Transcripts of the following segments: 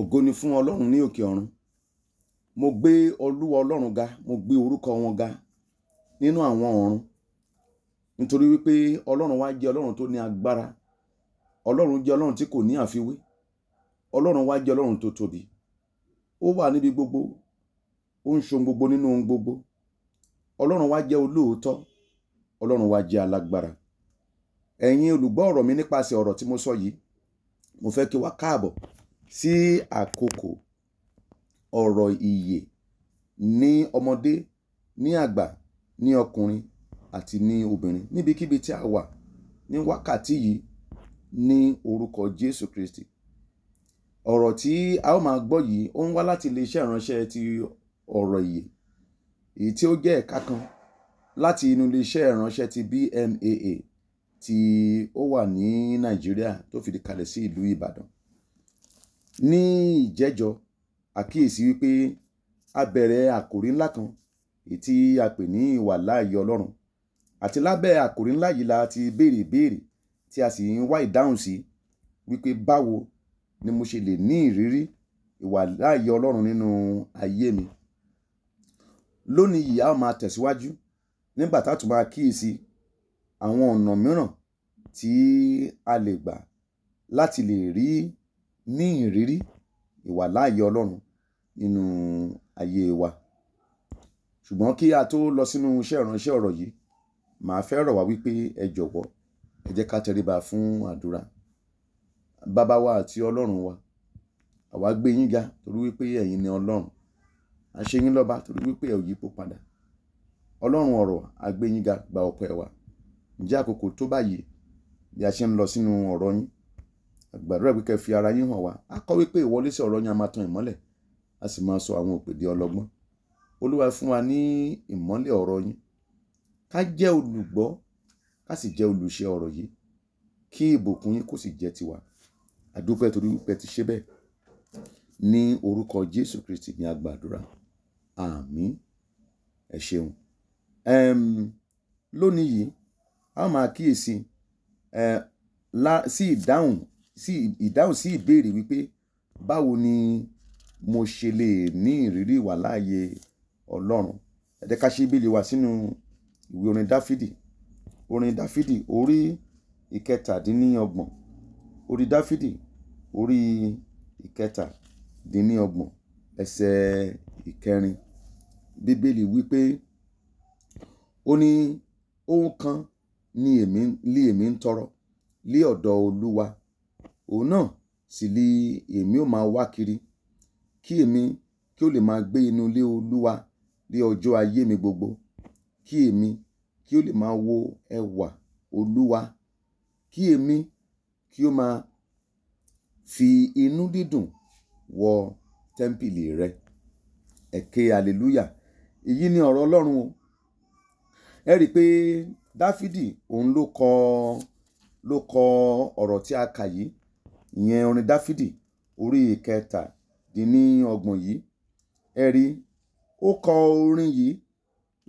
ògo ni fún ọlọ́run ní òkè ọ̀run mo gbé olúwa ọlọ́run ga mo gbé orúkọ wọn ga nínú àwọn ọ̀run nítorí wípé ọlọ́run wa jẹ́ ọlọ́run tó ní agbára ọlọ́run jẹ́ ọlọ́run tí kò ní àfiwé ọlọ́run wa jẹ́ ọlọ́run tó tóbi ó wà níbi gbogbo ó ń ṣohun gbogbo nínú ohun gbogbo ọlọ́run wa jẹ́ olóòótọ́ ọlọ́run wa jẹ́ alágbára ẹ̀yin olùgbọ́ ọ̀rọ̀ mi nípasẹ̀ ọ̀rọ̀ tí mo sọ yìí mo fẹ́ kí wa káàbọ̀ sí àkókò ọ̀rọ̀ ìyè ní ọmọdé, ní àgbà, ní ọkùnrin àti ní obìnrin. Níbikíbi tí a wà ní wákàtí yìí ní orúkọ Jésù Kristi. Ọ̀rọ̀ tí a ó máa gbọ́ yìí ó ń wá láti ilé iṣẹ́ ìránṣẹ́ ti ọ̀rọ̀ ìyè èyí tí ó jẹ́ ẹ̀ka kan láti inú ilé ìránṣẹ́ ti BMAA tí ó wà ní Nàìjíríà tó fìdí kalẹ̀ sí ìlú Ìbàdàn. Ní ìjẹ́jọ́ àkíyèsí wípé a bẹ̀rẹ̀ àkòrí ńlá kan èyí tí a pè ní ìwàláàyè Ọlọ́run àti lábẹ́ àkòrí ńlá yìí la ti béèrè ìbéèrè tí a sì ń wá ìdáhùn sí wípé báwo ni mo ṣe lè ní ìrírí ìwàláàyè Ọlọ́run nínú ayé mi. Lónìí yìí a máa tẹ̀síwájú nígbà tá tún àwọn ọ̀nà mìíràn tí a lè gbà láti lè rí ní ìrírí ìwàláàyè Ọlọ́run nínú ayé wa. Ṣùgbọ́n kí a tó lọ sínú iṣẹ́ ìránṣẹ́ ọ̀rọ̀ yìí, màá fẹ́ rọ̀ wá wípé ẹ jọ̀wọ́ ẹ jẹ́ ká tẹríba fún àdúrà. Baba wa àti Ọlọ́run wa, àwa gbé yín ga torí wípé ẹ̀yin ni Ọlọ́run. A ṣe yín lọ́ba torí wípé ẹ ò yípo padà. Ọlọ́run ọ̀rọ̀, a gbé yín ga gba ọpẹ́ wa. Ǹjẹ́ àkókò tó báyìí bí a ṣe ń lọ sínú ọ̀rọ̀ yín àgbàdo ẹ̀gbẹ́ kẹ́ fi ara yín hàn wá a kọ́ wípé ìwọlé sí ọ̀rọ̀ yẹn a máa tan ìmọ́lẹ̀ a sì máa sọ àwọn òpèdè ọlọ́gbọ́n olúwa fún wa ní ìmọ́lẹ̀ ọ̀rọ̀ yín ká jẹ́ olùgbọ́ ká sì jẹ́ olùṣe ọ̀rọ̀ yìí kí ìbùkún yín kó sì jẹ́ tiwa àdúpẹ́ torí wípé ti ṣe bẹ́ẹ̀ ní orúkọ Jésù Kristi ní agbàdúrà àmín ẹ ṣeun lónìí yìí a máa kíyèsí sí ìdáhùn sí ìdáhùn sí ìbéèrè wípé báwo ni mo ṣe lè ní ìrírí ìwà láàyè Ọlọ́run ẹ jẹ́ ká ṣí bíbélì wa sínú ìwé orin Dáfídì orin Dáfídì orí ìkẹtàdínníọgbọ̀n orí Dáfídì orí ìkẹtàdínníọgbọ̀n ẹsẹ̀ ìkẹrin bíbélì wípé ó ní ohun kan ni èmi ń tọrọ lé ọ̀dọ̀ Olúwa Òun náà sì ni èmi ó máa wá kiri kí èmi kí ó lè máa gbé inú ilé Olúwa ní ọjọ́ ayé mi gbogbo. Kí èmi kí ó lè máa wo ẹwà Olúwa. Kí èmi kí ó máa fi inú dídùn wọ tẹ́ḿpìlì rẹ̀. Ẹ ké alelúyà. Èyí ni ọ̀rọ̀ Ọlọ́run o. Ẹ rí i pé Dafidi òun ló kọ, ló kọ ọ̀rọ̀ tí a kà yìí ìyẹn orin dáfídì orí ìkẹtàdínníọgbọ̀n yìí ẹ rí ó kọ orin yìí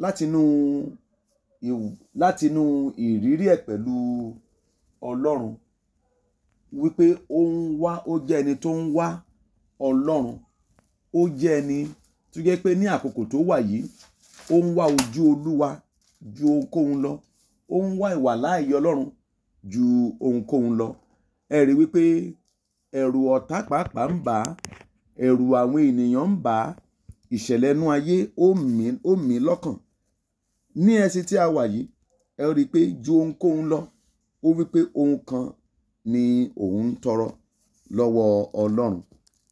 látinú látinú ìrírí ẹ̀ pẹ̀lú ọlọ́run wípé ó ń wá ó jẹ́ ẹni tó ń wá ọlọ́run ó jẹ́ ẹni tó jẹ́ pé ní àkókò tó wà yìí ó ń wá ojú olúwa ju ohunkóhun lọ ó ń wá ìwà láàyè ọlọ́run ju ohunkóhun lọ ẹ rí wípé ẹ̀rù ọ̀tá pàápàá ń bà á ẹ̀rù àwọn ènìyàn ń bà á ìṣẹ̀lẹ̀ inú ayé ó mì ó mì lọ́kàn ní ẹsẹ̀ tí a wà yìí ẹ rí i pé ju ohunkóhun lọ ó wípé ohun kan ni òun ń tọrọ lọ́wọ́ ọlọ́run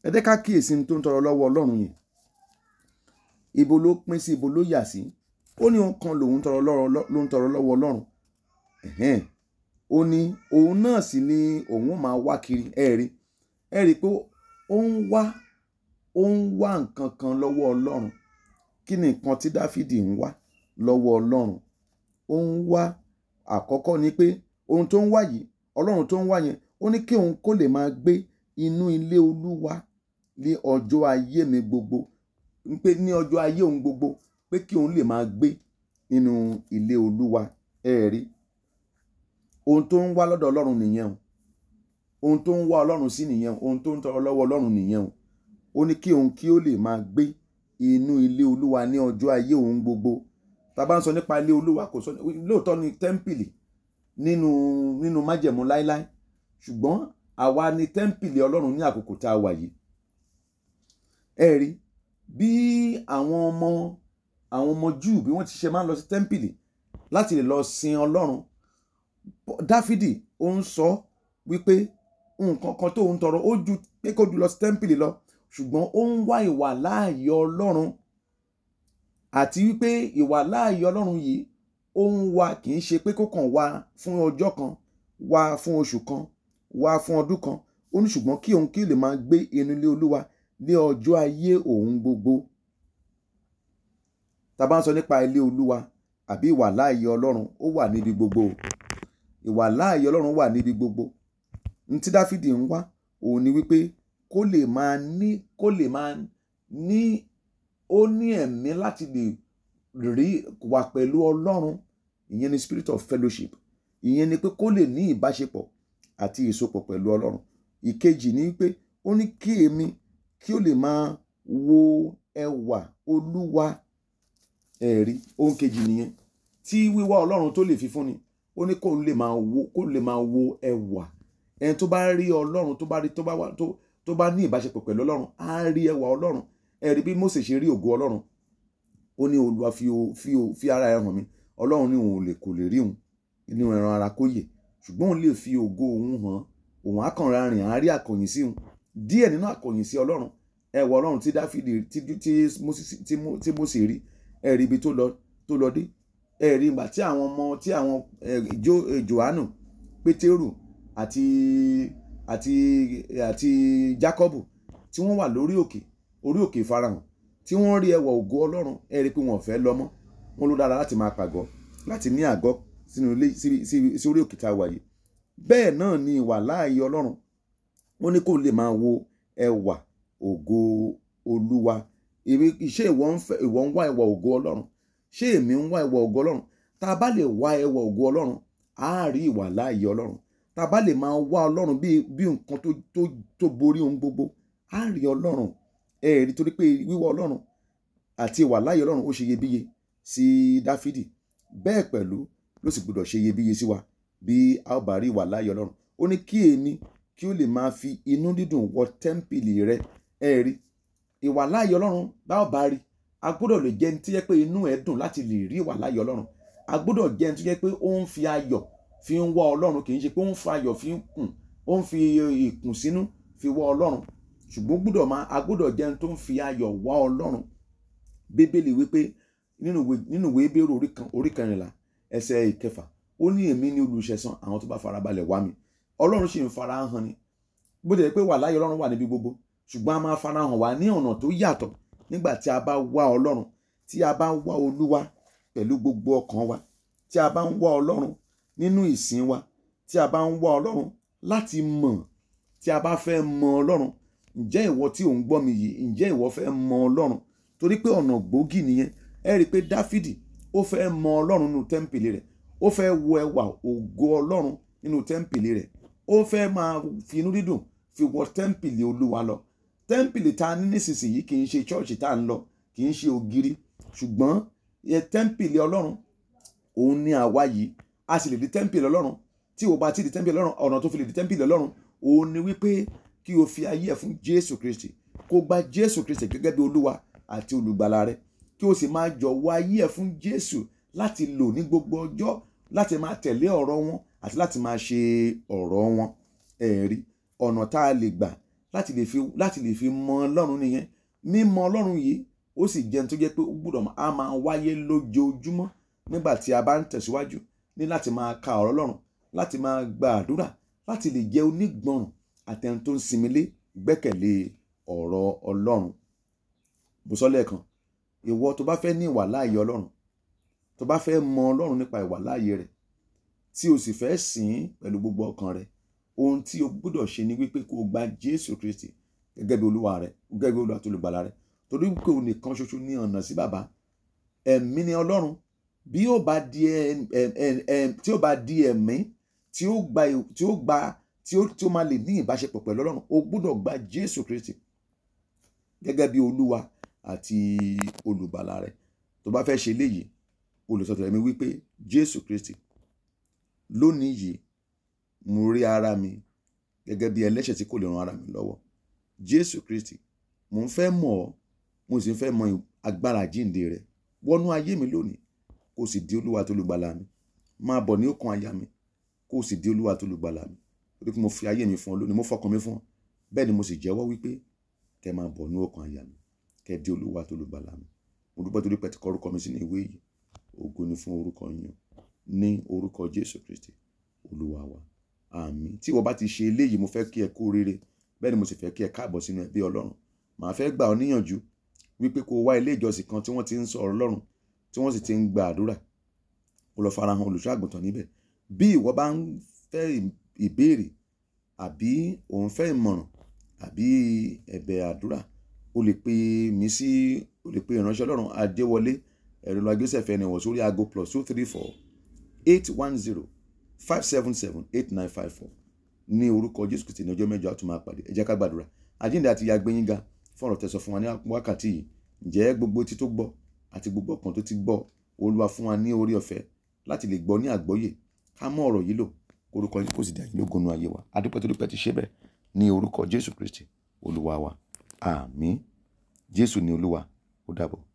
ẹ jẹ́ ká kíyèsí ní tó ń tọrọ lọ́wọ́ ọlọ́run yìí ibo ló pín sí ibo ló yà sí ó ní ohun kan lòun tọrọ lọ́wọ́ ọlọ́run ó ní òun náà sì ni òun máa wá kiri ẹ̀rí ẹ̀rí pé ó ń wá ó ń wá nǹkan kan lọ́wọ́ Ọlọ́run kí ni nǹkan tí Dáfídì ń wá lọ́wọ́ Ọlọ́run ó ń wá àkọ́kọ́ ni pé ohun tó ń wá yìí Ọlọ́run tó ń wá yẹn ó ní kí òun kó lè máa gbé inú ilé Olúwa ní ọjọ́ ayé mi gbogbo pé ní ọjọ́ ayé òun gbogbo pé kí òun lè máa gbé nínú ilé Olúwa ẹ̀rí ohun tó ń wá lọ́dọ̀ ọlọ́run nìyẹn o ohun tó ń wá ọlọ́run sí nìyẹn o ohun tó ń tọrọ lọ́wọ́ ọlọ́run nìyẹn o ó ní kí òun kí ó lè máa gbé inú ilé olúwa ní ọjọ́ ayé òun gbogbo tá a bá ń sọ nípa ilé olúwa kò sọ lóòótọ́ ni tẹ́ḿpìlì nínú nínú májẹ̀mú láíláí ṣùgbọ́n àwa ni tẹ́ḿpìlì ọlọ́run ní àkókò tá a wà yìí ẹ rí bí àwọn ọmọ àwọn ọmọ júù bí wọ́n ti ṣe máa ń lọ sí tẹ́ḿpìlì láti lè lọ sin ọlọ́run dáfídì ó ń sọ wípé nǹkan kan tó ń tọrọ ó ju pé kó jù lọ sí tẹ́ḿpìlì lọ ṣùgbọ́n ó ń wá ìwà láàyè ọlọ́run àti wípé ìwà láàyè ọlọ́run yìí ó ń wá kì í ṣe pé kó kàn wá fún ọjọ́ kan wá fún oṣù kan wá fún ọdún kan ó ní ṣùgbọ́n kí òun kí lè máa gbé inú ilé olúwa ní ọjọ́ ayé òun gbogbo tá a bá ń sọ nípa ilé olúwa àbí ìwà láàyè ọlọ́run ó wà níbi gbogbo ìwà láàyè ọlọ́run wà níbi gbogbo ní tí dáfídì ń wá òun ni wípé kó lè máa ní kó lè máa ní ó ní ẹ̀mí láti lè rí wà pẹ̀lú ọlọ́run ìyẹn ni spirit of fellowship ìyẹn ni pé kó lè ní ìbáṣepọ̀ àti ìsopọ̀ pẹ̀lú ọlọ́run ìkejì ni pé ó ní kí èmi kí ó lè máa wo ẹwà olúwa ẹ̀rí ohun kejì nìyẹn tí wíwá ọlọ́run tó lè fi fúnni ó ní kó lè máa wo kó lè máa wo ẹwà ẹni tó bá rí ọlọ́run tó bá rí tó bá wà tó tó bá ní ìbáṣepọ̀ pẹ̀lú ọlọ́run á rí ẹwà ọlọ́run ẹ bí Mósè ṣe rí ògo ọlọ́run ó ní olúwa fi o fi o fi ara ẹ hàn mí ọlọ́run ní òun lè kò lè rí òun inú ẹran ara kó yè ṣùgbọ́n òun lè fi ògo òun hàn òun akànra rìn á rí àkọ̀yìn sí òun díẹ̀ nínú àkọ̀yìn sí ọlọ́run ẹwà ọlọ́run tí Dáfídì ti ti Mósè ti ẹ rí ibi tó lọ tó lọ dé ẹ̀rí ìgbà tí àwọn ọmọ tí àwọn Jòhánù Pétérù àti àti àti Jákọ́bù tí wọ́n wà lórí òkè orí òkè ìfarahàn tí wọ́n rí ẹwà ògo Ọlọ́run ẹ rí i pé wọn ò fẹ́ lọ mọ́ wọn ló dára láti máa pàgọ́ láti ní àgọ́ sínú ilé sí orí òkè tá a wà yìí bẹ́ẹ̀ náà ni ìwà láàyè Ọlọ́run wọ́n ní kó lè máa wo ẹwà ògo Olúwa ìṣe ìwọ ń wá ẹwà ògo Ọlọ́run ṣé èmi ń wá ẹwà ògo ọlọ́run tá a bá lè wá ẹwà ògo ọlọ́run á rí ìwà láàyè ọlọ́run tá a bá lè máa wá ọlọ́run bí bí nǹkan tó tó tó borí ohun gbogbo á rí ọlọ́run ẹ torí pé wíwá ọlọ́run àti ìwà láàyè ọlọ́run ó ṣe iyebíye sí dáfídì bẹ́ẹ̀ pẹ̀lú ló sì gbọdọ̀ ṣe iyebíye sí wa bí a ó bá rí ìwà láàyè ọlọ́run ó ní kí èmi kí ó lè máa fi inú dídùn wọ tẹ́ḿpìlì rẹ ẹ ìwà láàyè ọlọ́run bá ó bá rí a gbọ́dọ̀ lè jẹ́ ẹni tó jẹ́ pé inú ẹ̀ dùn láti lè rí ìwà láyọ̀ ọlọ́run a gbọ́dọ̀ jẹ́ ẹni tó jẹ́ pé ó ń fi ayọ̀ fi ń wá ọlọ́run kì í ṣe pé ó ń fa ayọ̀ fi ń kùn ó ń fi ìkùn sínú fi wá ọlọ́run ṣùgbọ́n gbọ́dọ̀ máa a gbọ́dọ̀ jẹ́ ẹni tó ń fi ayọ̀ wá ọlọ́run bíbélì wípé nínú ìwé ebéèrè orí kẹrìnlá ẹsẹ̀ ìkẹfà ó ní èmi ní olùṣẹ̀san àwọn tó bá farabalẹ̀ wá mi ọlọ́run sì ń farahàn ni bó tilẹ̀ pé wà ọlọ́run wà níbi gbogbo ṣùgbọ́n a máa farahàn wá ní ọ̀nà tó yàtọ̀ nígbà tí a bá wá ọlọ́run tí a bá ń wá olúwa pẹ̀lú gbogbo ọkàn wa tí a bá ń wá ọlọ́run nínú ìsìn wa tí a bá ń wá ọlọ́run láti mọ̀ tí a bá fẹ́ mọ ọlọ́run ǹjẹ́ ìwọ tí ò ń gbọ́ mi yìí ǹjẹ́ ìwọ fẹ́ mọ ọlọ́run torí pé ọ̀nà gbòógì nìyẹn ẹ rí i pé dáfídì ó fẹ́ mọ ọlọ́run nínú tẹ́ḿpìlì rẹ̀ ó fẹ́ wo ẹwà ògo ọlọ́run nínú tẹ́ḿpìlì rẹ̀ ó fẹ́ máa fi inú dídùn fi wọ tẹ́ḿpìlì olúwa lọ tẹ́ḿpìlì tá a ní nísinsìnyí kì í ṣe chọ́ọ̀chì tá a ń lọ kì í ṣe ògiri ṣùgbọ́n yẹ tẹ́ḿpìlì ọlọ́run òun ni àwa yìí a sì lè di tẹ́ḿpìlì ọlọ́run tí o bá ti di tẹ́ḿpìlì ọlọ́run ọ̀nà tó fi lè di tẹ́ḿpìlì ọlọ́run òun ni wípé kí o fi ayé ẹ̀ fún jésù kristi kó gba jésù kristi gẹ́gẹ́ bí olúwa àti olùgbàlà rẹ kí o sì máa jọ̀wọ́ ayé ẹ̀ fún jésù láti lò ní gbogbo ọjọ́ láti máa tẹ̀lé ọ̀rọ̀ wọn àti láti máa ṣe ọ̀rọ̀ wọn ẹ̀rí ọ̀nà tá a lè gbà láti lè fi láti lè fi mọ ọlọ́run nìyẹn mímọ ọlọ́run yìí ó sì jẹun tó jẹ́ pé ó gbúdọ̀ á máa wáyé lójoojúmọ́ nígbà tí a bá ń tẹ̀síwájú ní láti máa ka ọ̀rọ̀ ọlọ́run láti máa gba àdúrà láti lè jẹ́ onígbọ̀nràn àtẹni tó ń sinmi lé gbẹ́kẹ̀lé ọ̀rọ̀ ọlọ́run bó sọ lẹ́ẹ̀kan ìwọ tó bá fẹ́ ní ìwà láàyè ọlọ́run tó bá fẹ́ mọ ọlọ́run nípa ìwà láàyè rẹ̀ tí o sì fẹ́ sìn ín pẹ̀lú gbogbo ọkàn rẹ̀ ohun tí o gbọ́dọ̀ ṣe ni wípé kó o gba Jésù Kristi gẹ́gẹ́ bí olúwa rẹ gẹ́gẹ́ bí olúwa tó lè gbàlà rẹ torí pé o nìkan ṣoṣo ní ọ̀nà sí bàbá ẹ̀mí ni ọlọ́run bí ó bá di tí ó bá di ẹ̀mí tí ó gba tí ó gba tí ó máa lè ní ìbáṣepọ̀ pẹ̀lú ọlọ́run o gbọ́dọ̀ gba Jésù Kristi gẹ́gẹ́ bí olúwa àti olùgbàlà rẹ tó bá fẹ́ ṣe léyìí olùsọ̀tẹ̀lẹ́mí wípé Jésù Kristi lónìí yìí mo rí ara mi gẹ́gẹ́ bí ẹlẹ́ṣẹ̀ tí kò lè ran ara mi lọ́wọ́ jésù kristi mo ń fẹ́ mọ̀ ọ́ mo sì ń fẹ́ mọ agbára jíǹde rẹ wọnú ayé mi lónìí kó o sì di olúwa tó lùgbàlà mi máa bọ̀ ní ọkàn àyà mi kó o sì di olúwa tó lùgbàlà mi torí pé mo fi ayé mi fún ọ lónìí mo fọkàn mi fún ọ bẹ́ẹ̀ ni mo sì jẹ́wọ́ wípé kẹ́ máa bọ̀ ní ọkàn àyà mi kẹ́ di olúwa tó lùgbàlà mi mo dúpẹ́ torí pé ti orúkọ mi sínú ìwé yìí ògo ni fún orúkọ yín ní orúkọ jésù kristi olúwa wa àmín tí ìwọ bá ti ṣe eléyìí mo fẹ́ kí ẹ kú rere bẹ́ẹ̀ ni mo sì fẹ́ kí ẹ káàbọ̀ sínú ẹbí ọlọ́run màá fẹ́ gbà ọ́ níyànjú wípé kó o wá ilé ìjọsìn kan tí wọ́n ti ń sọ ọ̀rọ̀ ọlọ́run tí wọ́n sì ti ń gba àdúrà kó lọ farahàn olùṣọ́ àgùntàn níbẹ̀ bí ìwọ bá ń fẹ́ ìbéèrè àbí òun fẹ́ ìmọ̀ràn àbí ẹ̀bẹ̀ àdúrà o lè pe mi sí o lè pe ìránṣẹ́ ọlọ́run adéwọlé ẹ̀rọ lọ́gbẹ́sẹ̀fẹ́ ẹ̀nìwọ̀n sórí aago plus two three four eight one zero five seven seven eight nine five four ní orúkọ jésù kristi ní ọjọ́ mẹ́jọ a tún máa pàdé ẹ jẹ́ ká gbàdúrà àjíǹde àti ìyá gbẹ̀yìn ga fún ọ̀rọ̀ tẹ̀sán fún wa ní wákàtí yìí ǹjẹ́ gbogbo etí tó gbọ́ àti gbogbo ọkàn tó ti gbọ́ olúwa fún wa ní orí ọ̀fẹ́ láti lè gbọ́ ní àgbọ́yè ká mọ̀ ọ̀rọ̀ yìí lò orúkọ yìí kò sì dàgbé lógun nu ayé wa adúpẹ́ tó dúpẹ́ ti ṣe bẹ́ẹ̀ ní orúkọ jésù kristi olúwa wa àmín jésù ni olúwa ó dàbọ̀